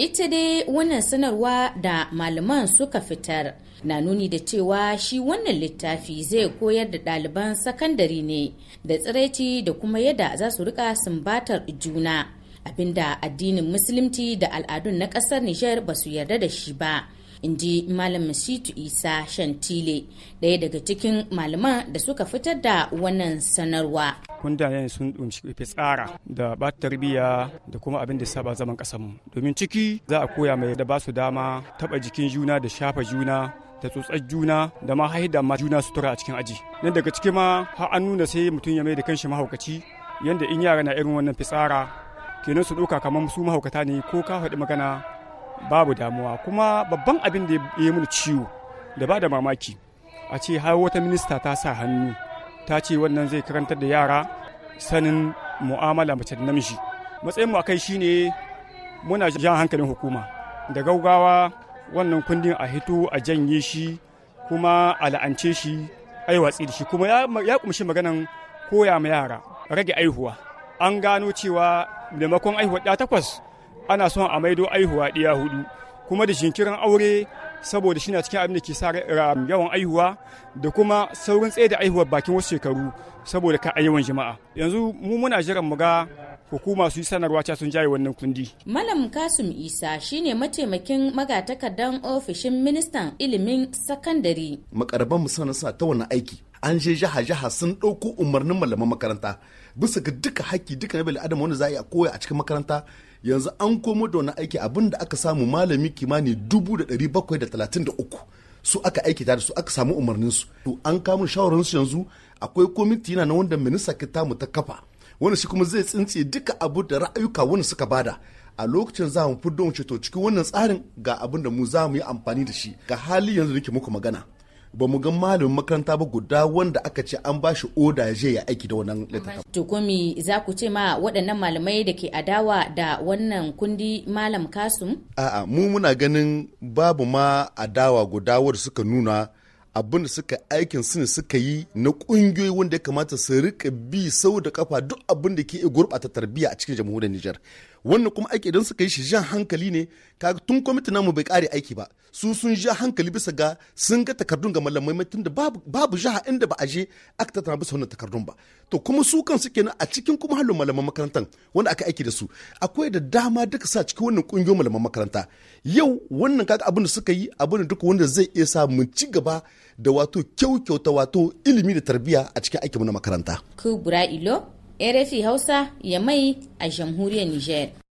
ita dai wannan sanarwa da malaman suka fitar na nuni da cewa shi wannan littafi zai koyar da ɗaliban sakandare ne da tsiraici da kuma yadda za su rika sumbatar juna abinda addinin musulunci da al'adun na ƙasar nijar ba su yarda da shi ba in ji malam masitu isa shantile daya daga cikin malaman da suka fitar da wannan sanarwa kundayen sun ɗunshi fitsara da ba tarbiyya da kuma abin da saba zaman kasanmu. domin ciki za a koya mai da basu dama taba jikin juna da shafa juna da tsotsar juna da ma haida ma juna sutura a cikin aji nan daga ciki ma har an nuna sai mutum ya mai da kanshi mahaukaci yanda in yara na irin wannan fitsara kenan su ɗauka kamar su mahaukata ne ko ka faɗi magana babu damuwa kuma babban abin da ya yi mini ciwo da ba da mamaki a ce har wata minista ta sa hannu ta ce wannan zai karantar da yara sanin mu'amala mace da namiji matsayin mu akai shine muna jan hankalin hukuma da gaugawa wannan kundin a hito a janye shi kuma a la'ance shi yi watsi da shi kuma ya kumshi maganan koya ma yara rage aihuwa an gano cewa maimakon aihuwa ɗaya takwas ana son a maido aihuwa ɗiya hudu kuma da shinkirin aure saboda shi na cikin abin da ke sa yawan aihuwa da kuma saurin tsaye da aihuwar bakin wasu shekaru saboda ka a yawan jama'a yanzu mu muna jiran mu ga hukuma su yi sanarwa ta sun jaye wannan kundi. Malam Kasum Isa shine mataimakin magatakardan ofishin ministan ilimin sakandare. Makarban mu sana sa ta wani aiki an je jaha jaha sun ɗauko umarnin malaman makaranta bisa ga duka haƙƙi duka na adam wanda za a koya a cikin makaranta yanzu an komo da wani aiki abin da aka samu malami kimani dubu da ɗari bakwai da talatin da uku su aka aiki da su aka samu umarnin su to an kamun shawarar su yanzu akwai kwamiti yana na wanda minista kita mu ta kafa wani shi kuma zai tsince duka abu da ra'ayuka wani suka bada a lokacin za mu fi don ceto cikin wannan tsarin ga abin da mu za mu yi amfani da shi ga hali yanzu nake muku magana ba mu ga malamin makaranta ba guda wanda aka ce an bashi shi oda ya je ya aiki da wannan littattafan. To za ku ce ma waɗannan malamai da ke adawa da wannan kundi malam kasum? A'a mu muna ganin babu ma adawa guda wanda suka nuna abin suka aikin su ne suka yi na ƙungiyoyi wanda ya kamata su rika bi sau da kafa duk abin da ke gurɓata tarbiyya a cikin jamhuriyar Nijar. wannan kuma aiki idan suka yi shi jan hankali ne ka tun kwamiti namu bai kare aiki ba su sun ja hankali bisa ga sun ga takardun ga malamai tun da babu babu inda ba a je aka tattara bisa wannan takardun ba to kuma su kansu kenan a cikin kuma halin malaman makarantar wanda aka aiki da su akwai da dama duka sa cikin wannan kungiyoyin malaman makaranta yau wannan kaga abin da suka yi abin da duka wanda zai iya sa mu ci gaba da wato kyau kyauta wato ilimi da tarbiyya a cikin aikinmu na makaranta ku ilo rfi hausa ya mai a jamhuriyar niger